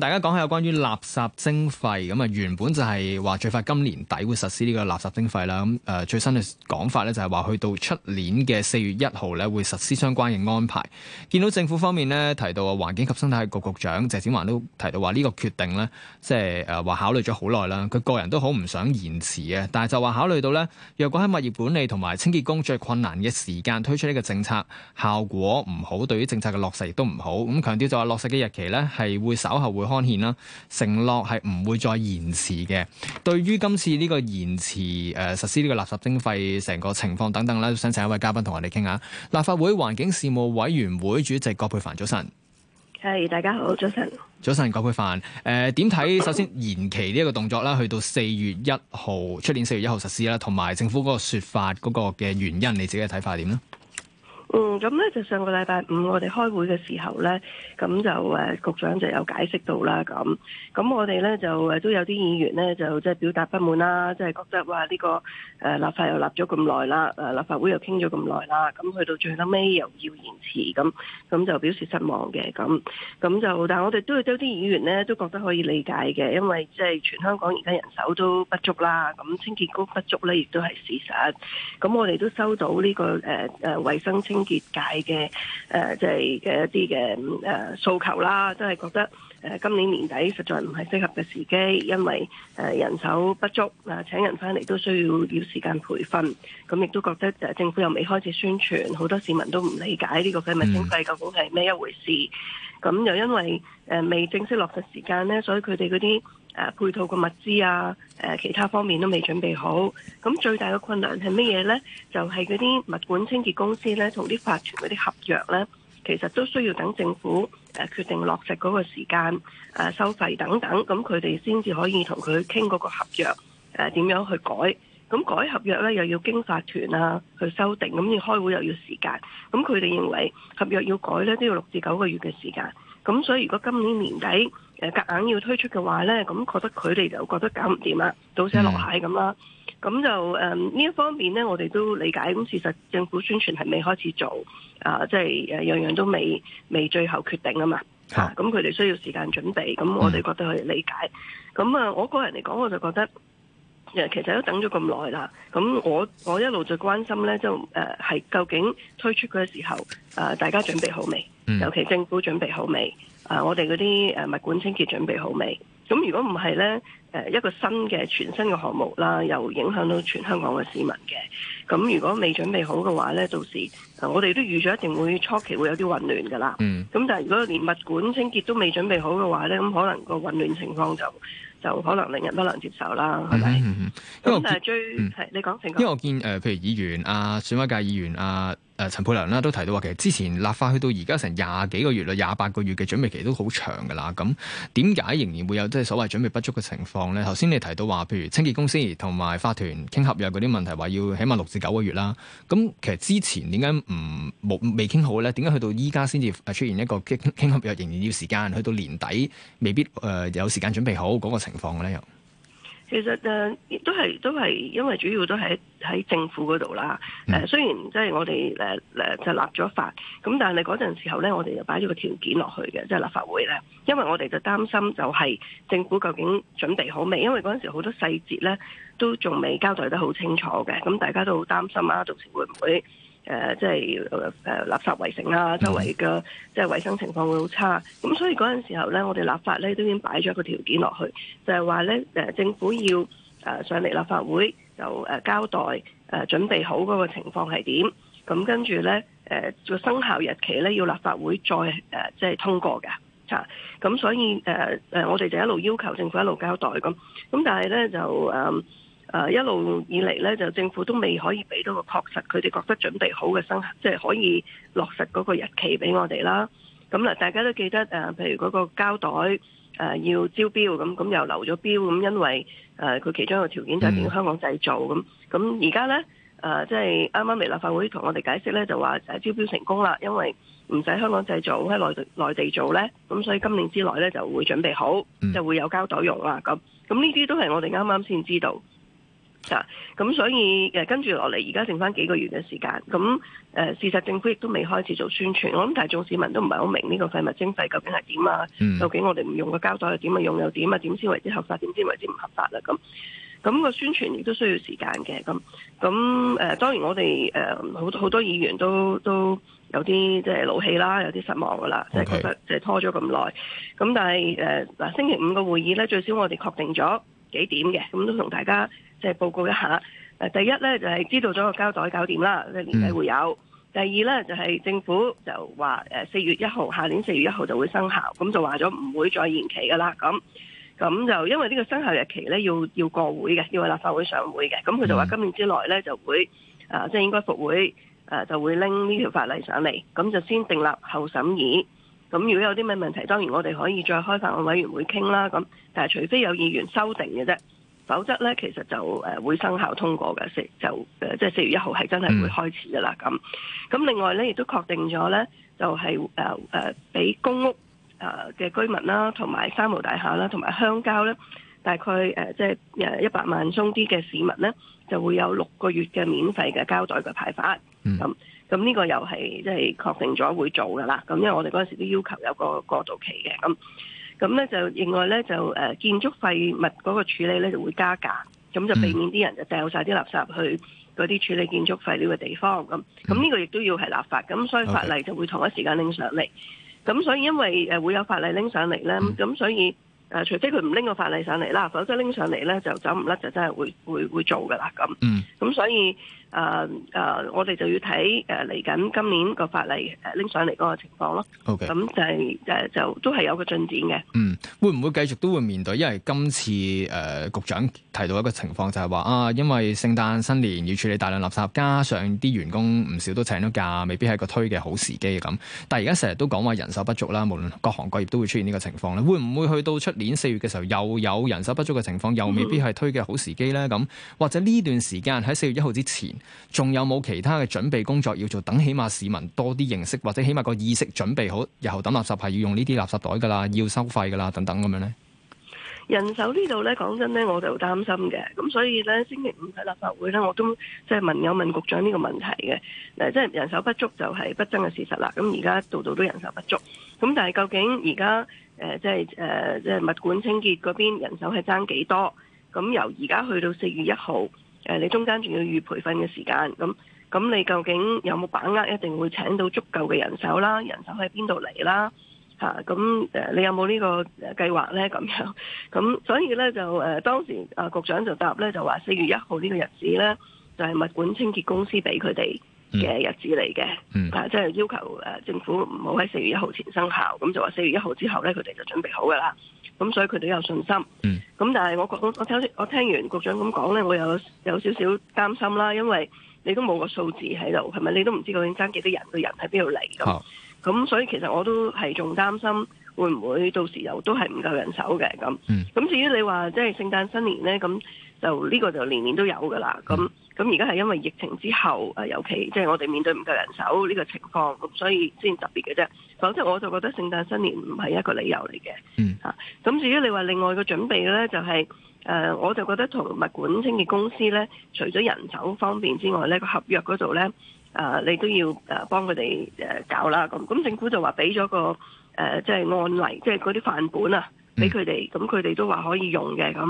大家講下有關於垃圾徵費咁啊，原本就係話最快今年底會實施呢個垃圾徵費啦。咁誒，最新嘅講法咧就係話，去到出年嘅四月一號咧會實施相關嘅安排。見到政府方面咧提到啊，環境及生態局局長謝展寰都提到話呢個決定咧，即係誒話考慮咗好耐啦。佢個人都好唔想延遲嘅，但係就話考慮到咧，若果喺物業管理同埋清潔工最困難嘅時間推出呢個政策，效果唔好，對於政策嘅落實亦都唔好。咁強調就話落實嘅日期咧係會稍後會。康憲啦，承諾係唔會再延遲嘅。對於今次呢個延遲誒、呃、實施呢個垃圾徵費成個情況等等咧，想請一位嘉賓同我哋傾下。立法會環境事務委員會主席葛珮帆，早晨。係、hey, 大家好，早晨，早晨，葛珮帆。誒、呃，點睇？首先延期呢一個動作啦，去到四月一號，出年四月一號實施啦，同埋政府嗰個說法嗰個嘅原因，你自己嘅睇法係點呢？嗯，咁咧就上個禮拜五我哋開會嘅時候咧，咁就誒局長就有解釋到啦，咁咁我哋咧就誒都有啲議員咧就即係表達不滿啦，即係覺得話呢個誒立法又立咗咁耐啦，誒立法會又傾咗咁耐啦，咁去到最後尾又要延遲，咁咁就表示失望嘅，咁咁就但係我哋都有啲議員咧都覺得可以理解嘅，因為即係全香港而家人手都不足啦，咁清潔工不足咧亦都係事實，咁我哋都收到呢個誒誒衛生清業界嘅誒，即係嘅一啲嘅誒訴求啦，都係覺得。呃、今年年底實在唔係適合嘅時機，因為、呃、人手不足啊、呃，請人翻嚟都需要要時間培訓，咁、呃、亦都覺得、呃、政府又未開始宣傳，好多市民都唔理解呢個垃圾徵費究竟係咩一回事。咁、嗯、又因為、呃、未正式落實時間咧，所以佢哋嗰啲配套嘅物資啊、呃，其他方面都未準備好。咁最大嘅困難係乜嘢咧？就係嗰啲物管清潔公司咧，同啲法團嗰啲合約咧。其實都需要等政府誒、呃、決定落實嗰個時間、呃、收費等等，咁佢哋先至可以同佢傾嗰個合約點、呃、樣去改。咁改合約呢又要經法團啊去修訂，咁要開會又要時間。咁佢哋認為合約要改呢都要六至九個月嘅時間。咁所以如果今年年底誒夾、呃、硬要推出嘅話呢，咁覺得佢哋就覺得搞唔掂啦，倒瀉籮蟹咁啦。咁就誒呢、嗯、一方面咧，我哋都理解。咁事實政府宣傳係未開始做，啊，即係誒樣樣都未未最後決定啊嘛。嚇、oh. 啊，咁佢哋需要時間準備。咁我哋覺得係理解。咁、mm. 啊，我個人嚟講，我就覺得其實都等咗咁耐啦。咁我我一路就關心咧，就誒係、啊、究竟推出佢嘅時候，啊，大家準備好未？Mm. 尤其政府準備好未？啊，我哋嗰啲誒物管清潔準備好未？咁如果唔係咧？誒一個新嘅全新嘅項目啦，又影響到全香港嘅市民嘅，咁如果未準備好嘅話呢，到時……我哋都預咗一定會初期會有啲混亂㗎啦。咁、嗯、但係如果連物管清潔都未準備好嘅話咧，咁可能個混亂情況就就可能令人不能接受啦，係、嗯、咪？咁但係最你講情況，因為我見,、嗯為我見呃、譬如議員啊、選委界議員啊、誒、啊、陳佩良啦，都提到話其實之前立法去到而家成廿幾個月啦，廿八個月嘅準備期都好長㗎啦。咁點解仍然會有即係所謂準備不足嘅情況咧？頭先你提到話，譬如清潔公司同埋法團傾合約嗰啲問題，話要起碼六至九個月啦。咁其實之前點解？唔冇未傾好咧，點解去到依家先至出現一個傾傾合約，仍然要時間，去到年底未必誒、呃、有時間準備好嗰個情況咧？又其實亦、呃、都係都係因為主要都喺喺政府嗰度啦。誒、呃嗯、雖然即係我哋誒誒就立咗法，咁但係嗰陣時候咧，我哋就擺咗個條件落去嘅，即、就、係、是、立法會咧，因為我哋就擔心就係政府究竟準備好未？因為嗰陣時好多細節咧都仲未交代得好清楚嘅，咁大家都好擔心啊，到時會唔會？誒、呃，即係誒、呃、垃圾圍城啦、啊，周圍嘅即係衞生情況會好差，咁所以嗰陣時候咧，我哋立法咧都已經擺咗一個條件落去，就係話咧政府要誒、呃、上嚟立法會就交代誒準備好嗰個情況係點，咁跟住咧誒個生效日期咧要立法會再誒、呃、即係通過嘅，咁、啊、所以誒、呃、我哋就一路要求政府一路交代咁，咁但係咧就誒。呃誒一路以嚟咧，就政府都未可以俾到個確實，佢哋覺得準備好嘅生效，即係可以落實嗰個日期俾我哋啦。咁大家都記得誒，譬如嗰個膠袋誒要招標，咁咁又流咗標，咁因為誒佢其中一個條件就係要香港製造，咁咁而家咧誒即係啱啱嚟立法會同我哋解釋咧，就話招標成功啦，因為唔使香港製造，喺內地內地做咧，咁所以今年之內咧就會準備好，就會有膠袋用啦。咁咁呢啲都係我哋啱啱先知道。咁、嗯、所以跟住落嚟，而家剩翻幾個月嘅時間，咁、呃、事實政府亦都未開始做宣傳，我諗大眾市民都唔係好明呢個廢物徵費究竟係點啊、嗯？究竟我哋唔用個膠袋又點啊？用又點啊？點先為之合法，點先為之唔合法啦，咁咁個宣傳亦都需要時間嘅，咁咁誒當然我哋誒、呃、好好多議員都都有啲即係老氣啦，有啲失望噶啦，okay. 即係覺得即係拖咗咁耐，咁但係誒嗱星期五嘅會議咧，最少我哋確定咗。幾點嘅，咁都同大家即係報告一下。誒，第一咧就係、是、知道咗個膠袋搞掂啦，年底會有。第二咧就係、是、政府就話誒四月一號，下年四月一號就會生效，咁就話咗唔會再延期噶啦。咁咁就因為呢個生效日期咧要要過會嘅，要喺立法會上會嘅，咁佢就話今年之內咧就會即係、呃就是、應該復會、呃、就會拎呢條法例上嚟，咁就先訂立後審議。咁如果有啲咩問題，當然我哋可以再開法案委員會傾啦。咁，但係除非有議員修訂嘅啫，否則咧其實就誒會生效通過嘅。四就誒即係四月一號係真係會開始噶啦。咁、嗯，咁另外咧亦都確定咗咧，就係誒誒俾公屋啊嘅居民啦，同埋三無大廈啦，同埋鄉郊咧，大概誒即係誒一百萬宗啲嘅市民咧，就會有六個月嘅免費嘅膠袋嘅派發。嗯。咁呢個又係即係確定咗會做噶啦，咁因為我哋嗰陣時都要求有個過渡期嘅，咁咁咧就另外咧就、呃、建築廢物嗰個處理咧就會加價，咁就避免啲人就掉曬啲垃圾去嗰啲處理建築廢料嘅地方，咁咁呢個亦都要係立法，咁所以法例就會同一時間拎上嚟，咁所以因為會有法例拎上嚟咧，咁所以。誒、啊，除非佢唔拎個法例上嚟啦，否則拎上嚟咧就走唔甩，就真係會會會做噶啦咁。嗯，咁所以誒誒、啊啊，我哋就要睇誒嚟緊今年個法例誒拎、啊、上嚟嗰個情況咯。OK，咁、啊、就係誒就，就都係有個進展嘅。嗯，會唔會繼續都會面對？因為今次誒、呃、局長提到一個情況就，就係話啊，因為聖誕新年要處理大量垃圾，加上啲員工唔少都請咗假，未必係個推嘅好時機咁。但係而家成日都講話人手不足啦，無論各行各業都會出現呢個情況咧，會唔會去到出年四月嘅時候又有人手不足嘅情況，又未必係推嘅好時機呢。咁、嗯、或者呢段時間喺四月一號之前，仲有冇其他嘅準備工作要做？等起碼市民多啲認識，或者起碼個意識準備好，日後抌垃圾係要用呢啲垃圾袋噶啦，要收費噶啦，等等咁樣呢。人手呢度呢，講真呢，我就擔心嘅。咁所以呢，星期五喺立法會呢，我都即係問有問，問局長呢個問題嘅。即係人手不足就係不爭嘅事實啦。咁而家度度都人手不足。咁但係究竟而家？誒即係誒即係物管清潔嗰邊人手係爭幾多？咁由而家去到四月一號，誒、呃、你中間仲要預培訓嘅時間，咁咁你究竟有冇把握一定會請到足夠嘅人手啦？人手喺邊度嚟啦？嚇咁誒，你有冇呢個計劃咧？咁樣咁所以咧就誒、呃、當時啊，局長就答咧就話四月一號呢個日子咧就係、是、物管清潔公司俾佢哋。嘅、嗯、日子嚟嘅、嗯，啊，即、就、係、是、要求誒政府唔好喺四月一號前生效，咁就話四月一號之後咧，佢哋就準備好噶啦，咁所以佢哋有信心。咁、嗯、但係我我，我，我聽我聽完局長咁講咧，我有有少少擔心啦，因為你都冇個數字喺度，係咪你都唔知究竟爭幾多人？個人喺邊度嚟咁？咁、哦、所以其實我都係仲擔心會唔會到時又都係唔夠人手嘅咁。咁、嗯、至於你話即係聖誕新年咧，咁就呢、這個就年年都有噶啦咁。咁而家係因為疫情之後，誒尤其即係我哋面對唔夠人手呢個情況，咁所以先特別嘅啫。否則我就覺得聖誕新年唔係一個理由嚟嘅。嗯。嚇，咁至於你話另外個準備咧，就係誒，我就覺得同物管清潔公司咧，除咗人手方便之外咧，個合約嗰度咧，誒你都要誒幫佢哋誒搞啦。咁咁政府就話俾咗個誒，即係案例，即係嗰啲範本啊。俾佢哋，咁佢哋都話可以用嘅咁，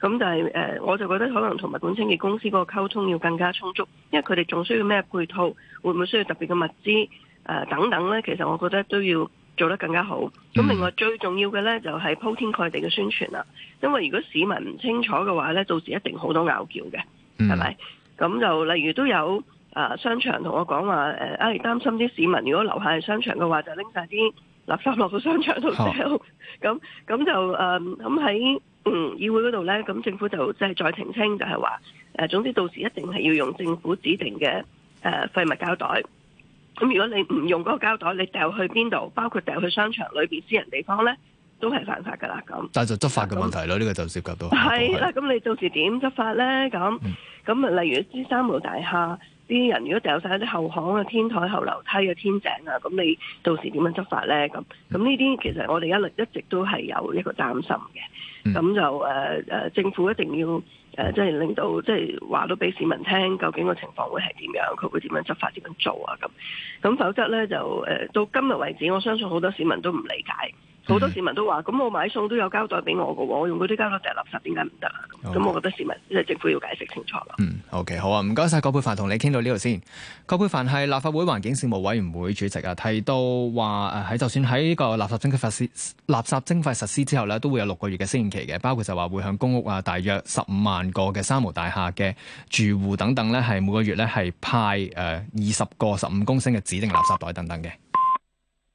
咁但係誒，我就覺得可能同物管清潔公司嗰個溝通要更加充足，因為佢哋仲需要咩配套，會唔會需要特別嘅物資誒、呃、等等呢？其實我覺得都要做得更加好。咁另外最重要嘅呢，就係、是、鋪天蓋地嘅宣傳啦，因為如果市民唔清楚嘅話呢，到時一定好多拗撬嘅，係、嗯、咪？咁就例如都有誒、呃、商場同我講話誒，唉、呃、擔、哎、心啲市民如果留喺商場嘅話，就拎晒啲。垃圾落到商場度掉，咁、哦、咁、嗯、就誒咁喺嗯議會嗰度呢。咁政府就即係再澄清就，就係話誒，總之到時一定係要用政府指定嘅誒、呃、廢物膠袋。咁、嗯、如果你唔用嗰個膠袋，你掉去邊度？包括掉去商場裏面私人地方呢，都係犯法噶啦。咁但就執法嘅問題咯，呢、呢個就涉及到係啦。咁你到時點執法呢？咁咁啊，例如啲三無大廈。啲人如果掉晒啲後巷嘅天台、後樓梯嘅天井啊，咁你到時點樣執法咧？咁咁呢啲其實我哋一一直都係有一個擔心嘅，咁就、呃、政府一定要即係、呃即係、令到即係話到俾市民聽，究竟個情況會係點樣，佢會點樣執法、點樣做啊？咁咁否則咧就、呃、到今日為止，我相信好多市民都唔理解。好、嗯、多市民都話，咁我買餸都有膠袋俾我嘅，我用嗰啲膠袋掟垃圾，點解唔得啊？咁、okay. 我覺得市民即係政府要解釋清楚啦。嗯，OK，好啊，唔該晒。葛珮帆，同你傾到呢度先。葛珮帆係立法會環境事務委員會主席啊，提到話喺、呃、就算喺個垃圾徵費實垃圾徵費實施之後咧，都會有六個月嘅適應期嘅，包括就話會向公屋啊，大約十五萬個嘅三無大廈嘅住戶等等咧，係每個月咧係派呃、二十個十五公升嘅指定垃圾袋等等嘅。